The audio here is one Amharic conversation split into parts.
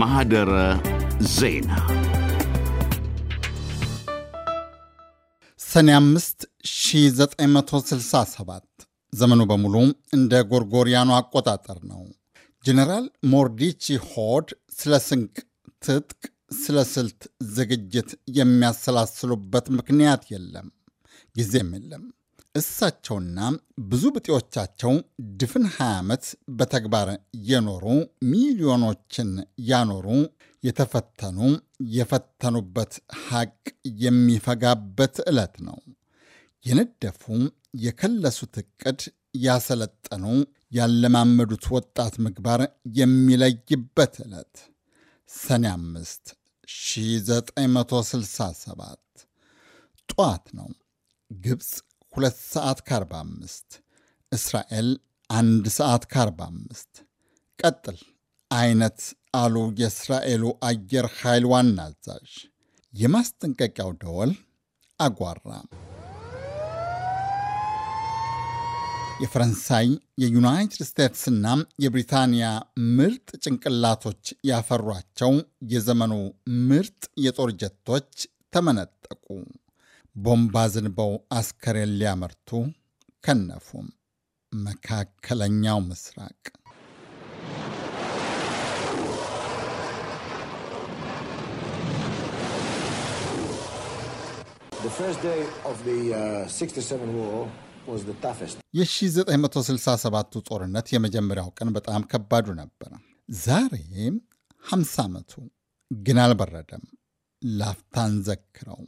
ማህደረ ዜና ሰኔ 5 1967 ዘመኑ በሙሉ እንደ ጎርጎሪያኑ አቆጣጠር ነው። ጀነራል ሞርዲቺ ሆድ ስለ ስንቅ ትጥቅ፣ ስለ ስልት ዝግጅት የሚያሰላስሉበት ምክንያት የለም፣ ጊዜም የለም። እሳቸውና ብዙ ብጤዎቻቸው ድፍን 20 ዓመት በተግባር የኖሩ ሚሊዮኖችን ያኖሩ የተፈተኑ የፈተኑበት ሐቅ የሚፈጋበት ዕለት ነው። የነደፉ የከለሱት ዕቅድ ያሰለጠኑ ያለማመዱት ወጣት ምግባር የሚለይበት ዕለት ሰኔ አምስት 1967 ጠዋት ነው። ግብፅ ሁለት ሰዓት ከ45 እስራኤል 1 ሰዓት ከ45 ቀጥል አይነት አሉ የእስራኤሉ አየር ኃይል ዋና አዛዥ። የማስጠንቀቂያው ደወል አጓራ። የፈረንሳይ የዩናይትድ ስቴትስና የብሪታንያ ምርጥ ጭንቅላቶች ያፈሯቸው የዘመኑ ምርጥ የጦር ጀቶች ተመነጠቁ። ቦምብ አዝንበው አስከሬን ሊያመርቱ ከነፉም። መካከለኛው ምስራቅ uh, የ1967ቱ ጦርነት የመጀመሪያው ቀን በጣም ከባዱ ነበር። ዛሬ 50 ዓመቱ ግን አልበረደም። ላፍታን ዘክረው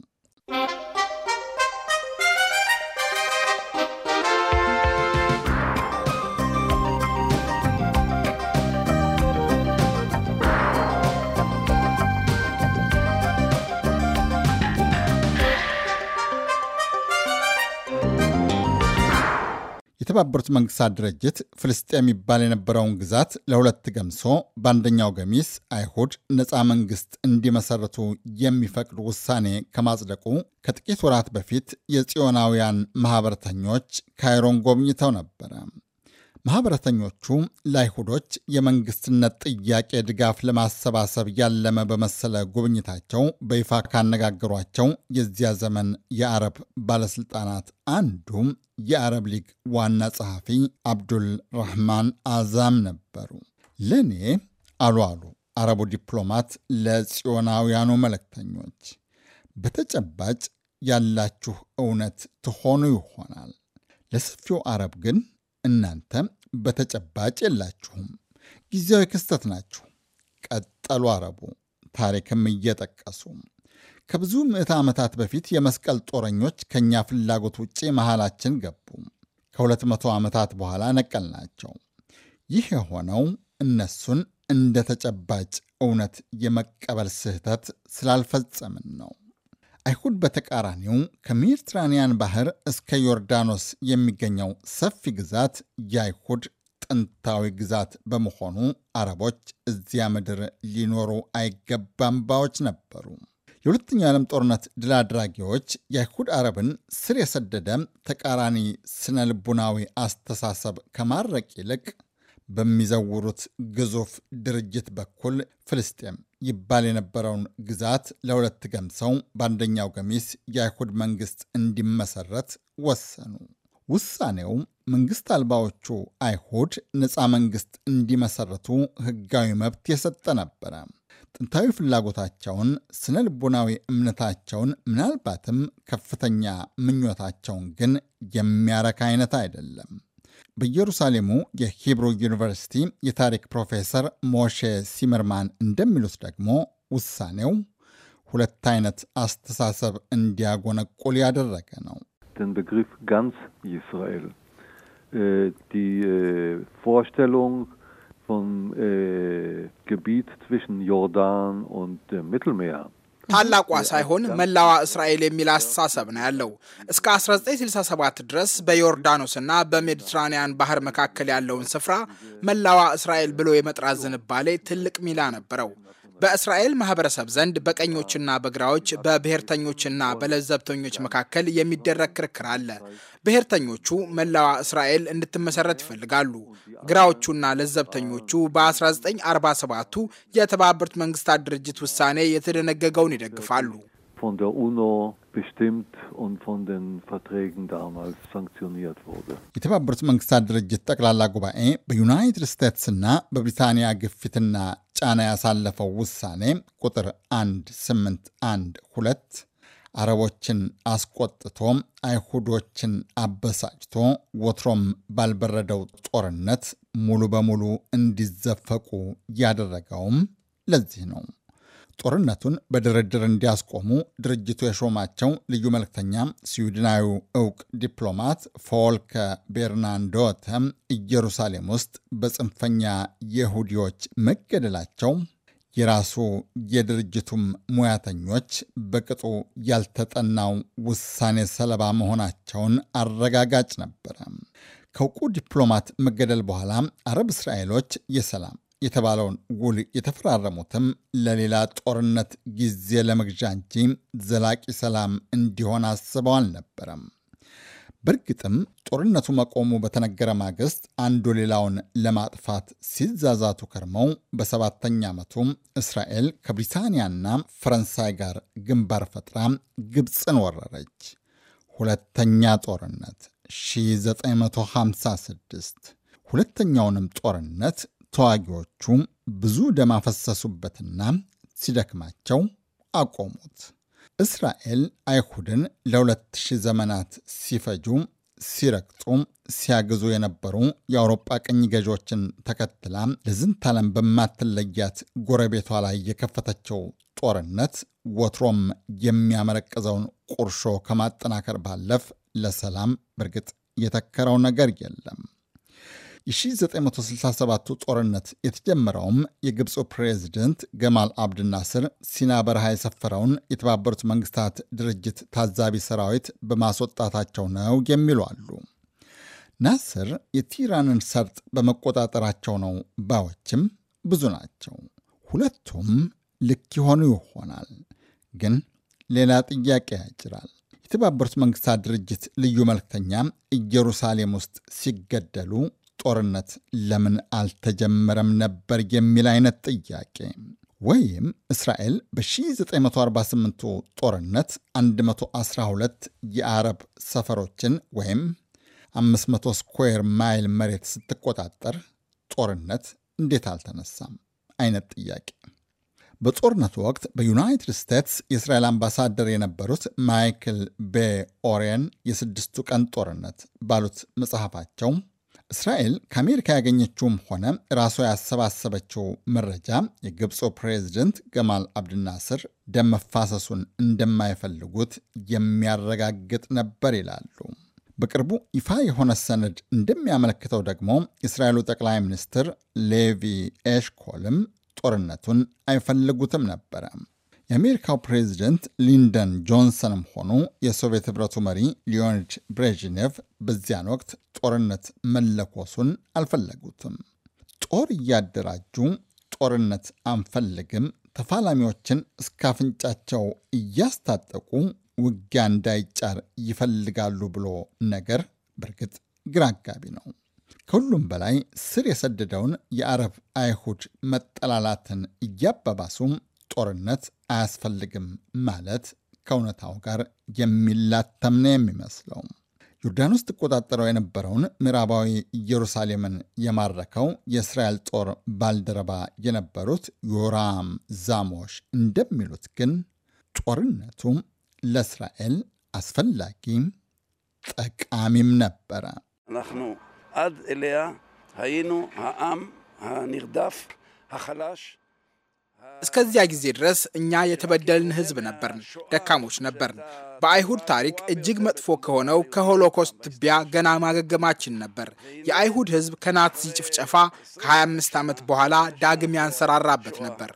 የተባበሩት መንግስታት ድርጅት ፍልስጤ የሚባል የነበረውን ግዛት ለሁለት ገምሶ በአንደኛው ገሚስ አይሁድ ነፃ መንግስት እንዲመሰረቱ የሚፈቅድ ውሳኔ ከማጽደቁ ከጥቂት ወራት በፊት የጽዮናውያን ማኅበረተኞች ካይሮን ጎብኝተው ነበረ። ማኅበረተኞቹ ለአይሁዶች የመንግሥትነት ጥያቄ ድጋፍ ለማሰባሰብ ያለመ በመሰለ ጉብኝታቸው በይፋ ካነጋገሯቸው የዚያ ዘመን የአረብ ባለሥልጣናት አንዱ የአረብ ሊግ ዋና ጸሐፊ አብዱል ራህማን አዛም ነበሩ። ለእኔ አሉ አሉ አረቡ ዲፕሎማት ለጽዮናውያኑ መልእክተኞች በተጨባጭ ያላችሁ እውነት ትሆኑ ይሆናል። ለሰፊው አረብ ግን እናንተ በተጨባጭ የላችሁም፣ ጊዜያዊ ክስተት ናችሁ ቀጠሉ አረቡ ታሪክም እየጠቀሱ ከብዙ ምዕት ዓመታት በፊት የመስቀል ጦረኞች ከእኛ ፍላጎት ውጭ መሃላችን ገቡ። ከሁለት መቶ ዓመታት በኋላ ነቀልናቸው። ይህ የሆነው እነሱን እንደ ተጨባጭ እውነት የመቀበል ስህተት ስላልፈጸምን ነው። አይሁድ በተቃራኒው ከሜዲትራኒያን ባህር እስከ ዮርዳኖስ የሚገኘው ሰፊ ግዛት የአይሁድ ጥንታዊ ግዛት በመሆኑ አረቦች እዚያ ምድር ሊኖሩ አይገባም ባዎች ነበሩ። የሁለተኛው ዓለም ጦርነት ድል አድራጊዎች የአይሁድ አረብን ስር የሰደደ ተቃራኒ ስነ ልቡናዊ አስተሳሰብ ከማድረቅ ይልቅ በሚዘውሩት ግዙፍ ድርጅት በኩል ፍልስጤም ይባል የነበረውን ግዛት ለሁለት ገምሰው በአንደኛው ገሚስ የአይሁድ መንግስት እንዲመሰረት ወሰኑ። ውሳኔው መንግስት አልባዎቹ አይሁድ ነፃ መንግስት እንዲመሰረቱ ህጋዊ መብት የሰጠ ነበረ። ጥንታዊ ፍላጎታቸውን፣ ስነ ልቦናዊ እምነታቸውን፣ ምናልባትም ከፍተኛ ምኞታቸውን ግን የሚያረካ አይነት አይደለም። በኢየሩሳሌሙ የሂብሩ ዩኒቨርሲቲ የታሪክ ፕሮፌሰር ሞሼ ሲመርማን እንደሚሉት ደግሞ ውሳኔው ሁለት አይነት አስተሳሰብ እንዲያጎነቁል ያደረገ ነው። Den Begriff ganz Israel. Äh, die äh, Vorstellung vom äh, Gebiet zwischen Jordan und dem Mittelmeer ታላቋ ሳይሆን መላዋ እስራኤል የሚል አስተሳሰብ ነው ያለው። እስከ 1967 ድረስ በዮርዳኖስና በሜዲትራንያን ባህር መካከል ያለውን ስፍራ መላዋ እስራኤል ብሎ የመጥራት ዝንባሌ ትልቅ ሚላ ነበረው። በእስራኤል ማህበረሰብ ዘንድ በቀኞችና በግራዎች በብሔርተኞችና በለዘብተኞች መካከል የሚደረግ ክርክር አለ። ብሔርተኞቹ መላዋ እስራኤል እንድትመሰረት ይፈልጋሉ። ግራዎቹና ለዘብተኞቹ በ1947ቱ የተባበሩት መንግስታት ድርጅት ውሳኔ የተደነገገውን ይደግፋሉ። የተባበሩት መንግስታት ድርጅት ጠቅላላ ጉባኤ በዩናይትድ ስቴትስና በብሪታንያ ግፊትና ጫና ያሳለፈው ውሳኔ ቁጥር 1812 አረቦችን አስቆጥቶ አይሁዶችን አበሳጭቶ ወትሮም ባልበረደው ጦርነት ሙሉ በሙሉ እንዲዘፈቁ ያደረገውም ለዚህ ነው። ጦርነቱን በድርድር እንዲያስቆሙ ድርጅቱ የሾማቸው ልዩ መልክተኛ ስዊድናዊ እውቅ ዲፕሎማት ፎልከ ቤርናንዶተ ኢየሩሳሌም ውስጥ በጽንፈኛ የሁዲዎች መገደላቸው የራሱ የድርጅቱም ሙያተኞች በቅጡ ያልተጠናው ውሳኔ ሰለባ መሆናቸውን አረጋጋጭ ነበረ። ከውቁ ዲፕሎማት መገደል በኋላ አረብ እስራኤሎች የሰላም የተባለውን ውል የተፈራረሙትም ለሌላ ጦርነት ጊዜ ለመግዣ እንጂ ዘላቂ ሰላም እንዲሆን አስበው አልነበረም። በእርግጥም ጦርነቱ መቆሙ በተነገረ ማግስት አንዱ ሌላውን ለማጥፋት ሲዛዛቱ ከርመው በሰባተኛ ዓመቱ እስራኤል ከብሪታንያና ፈረንሳይ ጋር ግንባር ፈጥራ ግብፅን ወረረች። ሁለተኛ ጦርነት 1956 ሁለተኛውንም ጦርነት ተዋጊዎቹ ብዙ ደም አፈሰሱበትና ሲደክማቸው አቆሙት። እስራኤል አይሁድን ለሁለት ሺህ ዘመናት ሲፈጁ ሲረግጡ ሲያግዙ የነበሩ የአውሮጳ ቅኝ ገዢዎችን ተከትላ ለዝንተ ዓለም በማትለያት ጎረቤቷ ላይ የከፈተችው ጦርነት ወትሮም የሚያመረቅዘውን ቁርሾ ከማጠናከር ባለፍ ለሰላም በእርግጥ የተከረው ነገር የለም። የ1967ቱ ጦርነት የተጀመረውም የግብፁ ፕሬዚደንት ገማል አብድናስር ሲና በረሃ የሰፈረውን የተባበሩት መንግስታት ድርጅት ታዛቢ ሰራዊት በማስወጣታቸው ነው የሚሉ አሉ። ናስር የቲራንን ሰርጥ በመቆጣጠራቸው ነው ባዎችም ብዙ ናቸው። ሁለቱም ልክ የሆኑ ይሆናል፣ ግን ሌላ ጥያቄ ያጭራል። የተባበሩት መንግስታት ድርጅት ልዩ መልክተኛ ኢየሩሳሌም ውስጥ ሲገደሉ ጦርነት ለምን አልተጀመረም ነበር የሚል አይነት ጥያቄ ወይም እስራኤል በ 1948 ጦርነት 112 የአረብ ሰፈሮችን ወይም 500 ስኩዌር ማይል መሬት ስትቆጣጠር ጦርነት እንዴት አልተነሳም አይነት ጥያቄ። በጦርነቱ ወቅት በዩናይትድ ስቴትስ የእስራኤል አምባሳደር የነበሩት ማይክል ቤ ኦሬን የስድስቱ ቀን ጦርነት ባሉት መጽሐፋቸው እስራኤል ከአሜሪካ ያገኘችውም ሆነ ራሷ ያሰባሰበችው መረጃ የግብፁ ፕሬዚደንት ገማል አብድናስር ደም መፋሰሱን እንደማይፈልጉት የሚያረጋግጥ ነበር ይላሉ። በቅርቡ ይፋ የሆነ ሰነድ እንደሚያመለክተው ደግሞ የእስራኤሉ ጠቅላይ ሚኒስትር ሌቪ ኤሽኮልም ጦርነቱን አይፈልጉትም ነበረ። የአሜሪካው ፕሬዚደንት ሊንደን ጆንሰንም ሆኑ የሶቪየት ኅብረቱ መሪ ሊዮኒድ ብሬዥኔቭ በዚያን ወቅት ጦርነት መለኮሱን አልፈለጉትም። ጦር እያደራጁ ጦርነት አንፈልግም፣ ተፋላሚዎችን እስከ አፍንጫቸው እያስታጠቁ ውጊያ እንዳይጫር ይፈልጋሉ ብሎ ነገር በእርግጥ ግራ አጋቢ ነው። ከሁሉም በላይ ስር የሰደደውን የአረብ አይሁድ መጠላላትን እያባባሱ ጦርነት አያስፈልግም ማለት ከእውነታው ጋር የሚላተም ነው የሚመስለው። ዮርዳኖስ ትቆጣጠረው የነበረውን ምዕራባዊ ኢየሩሳሌምን የማረከው የእስራኤል ጦር ባልደረባ የነበሩት ዮራም ዛሞሽ እንደሚሉት ግን ጦርነቱ ለእስራኤል አስፈላጊ ጠቃሚም ነበረ። አድ ኤልያ ሀይኑ העም הנרדף, החלש እስከዚያ ጊዜ ድረስ እኛ የተበደልን ህዝብ ነበርን፣ ደካሞች ነበርን። በአይሁድ ታሪክ እጅግ መጥፎ ከሆነው ከሆሎኮስት ትቢያ ገና ማገገማችን ነበር። የአይሁድ ህዝብ ከናዚ ጭፍጨፋ ከ25 ዓመት በኋላ ዳግም ያንሰራራበት ነበር።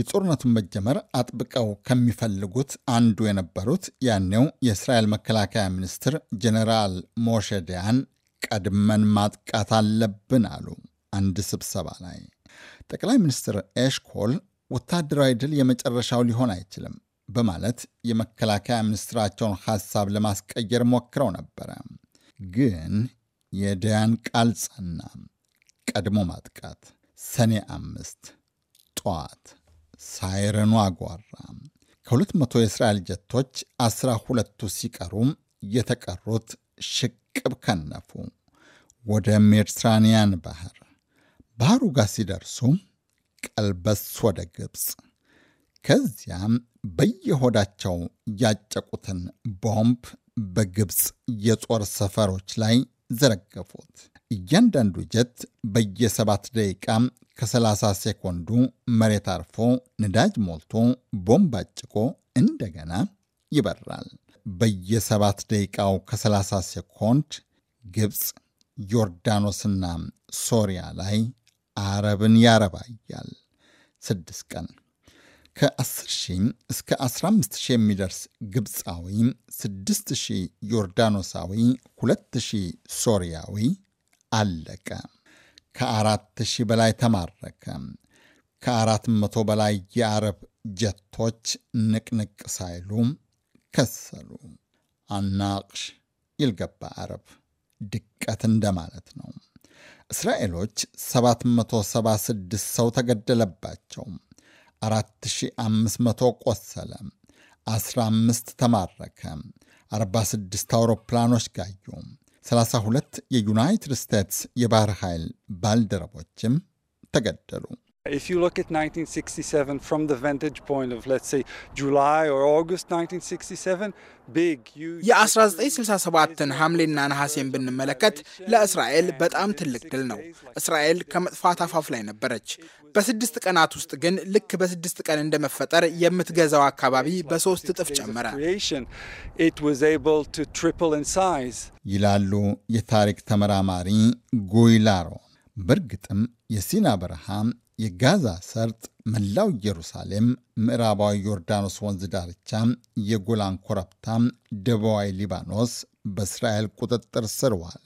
የጦርነቱን መጀመር አጥብቀው ከሚፈልጉት አንዱ የነበሩት ያኔው የእስራኤል መከላከያ ሚኒስትር ጀኔራል ሞሼ ዳያን ቀድመን ማጥቃት አለብን አሉ አንድ ስብሰባ ላይ። ጠቅላይ ሚኒስትር ኤሽኮል ወታደራዊ ድል የመጨረሻው ሊሆን አይችልም በማለት የመከላከያ ሚኒስትራቸውን ሐሳብ ለማስቀየር ሞክረው ነበረ። ግን የደያን ቃል ጸና። ቀድሞ ማጥቃት ሰኔ አምስት ጠዋት ሳይረኑ አጓራ። ከሁለት መቶ የእስራኤል ጀቶች አስራ ሁለቱ ሲቀሩ የተቀሩት ሽቅብ ከነፉ ወደ ሜዲትራንያን ባህር። ባህሩ ጋር ሲደርሱ ቀልበስ ወደ ግብፅ፣ ከዚያም በየሆዳቸው ያጨቁትን ቦምብ በግብፅ የጦር ሰፈሮች ላይ ዘረገፉት። እያንዳንዱ ጀት በየሰባት ደቂቃ ከ30 ሴኮንዱ መሬት አርፎ ነዳጅ ሞልቶ ቦምብ አጭቆ እንደገና ይበራል። በየሰባት ደቂቃው ከ30 ሴኮንድ ግብፅ፣ ዮርዳኖስና ሶሪያ ላይ አረብን ያረባያል። ስድስት ቀን ከ10 ሺህ እስከ 15 ሺህ የሚደርስ ግብፃዊ፣ 6 ሺህ ዮርዳኖሳዊ፣ 2 ሺህ ሶሪያዊ አለቀ። ከ4 ሺህ በላይ ተማረከ። ከ400 በላይ የአረብ ጀቶች ንቅንቅ ሳይሉ ከሰሉ። አናቅሽ ይልገባ አረብ ድቀት እንደማለት ነው። እስራኤሎች 776 ሰው ተገደለባቸው፣ 4500 ቆሰለ፣ 15 ተማረከ፣ 46 አውሮፕላኖች ጋዩ። 32 የዩናይትድ ስቴትስ የባህር ኃይል ባልደረቦችም ተገደሉ። If you look at 1967 from the vantage point of let's say July or August 1967, የ1967ን ሐምሌና ነሐሴን ብንመለከት ለእስራኤል በጣም ትልቅ ድል ነው። እስራኤል ከመጥፋት አፋፍ ላይ ነበረች። በስድስት ቀናት ውስጥ ግን ልክ በስድስት ቀን እንደመፈጠር የምትገዛው አካባቢ በሶስት እጥፍ ጨመረ ይላሉ የታሪክ ተመራማሪ ጎይላሮ። በእርግጥም የሲና በረሃ የጋዛ ሰርጥ፣ መላው ኢየሩሳሌም፣ ምዕራባዊ ዮርዳኖስ ወንዝ ዳርቻ፣ የጎላን ኮረብታ፣ ደቡባዊ ሊባኖስ በእስራኤል ቁጥጥር ስር ዋለ።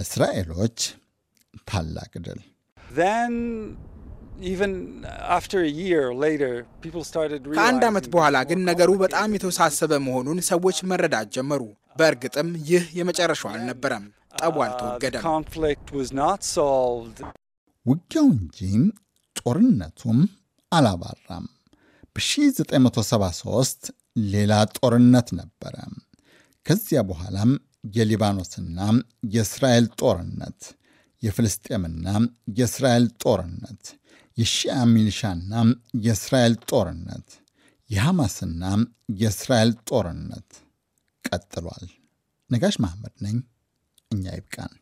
ለእስራኤሎች ታላቅ ድል። ከአንድ ዓመት በኋላ ግን ነገሩ በጣም የተወሳሰበ መሆኑን ሰዎች መረዳት ጀመሩ። በእርግጥም ይህ የመጨረሻው አልነበረም። ጠቡ uh, አልተወገደም። ውጊያው እንጂ ጦርነቱም አላባራም። በ1973 ሌላ ጦርነት ነበረ። ከዚያ በኋላም የሊባኖስና የእስራኤል ጦርነት፣ የፍልስጤምና የእስራኤል ጦርነት፣ የሺአ ሚሊሻና የእስራኤል ጦርነት፣ የሐማስና የእስራኤል ጦርነት ቀጥሏል። ነጋሽ መሐመድ ነኝ። እኛ ይብቃን።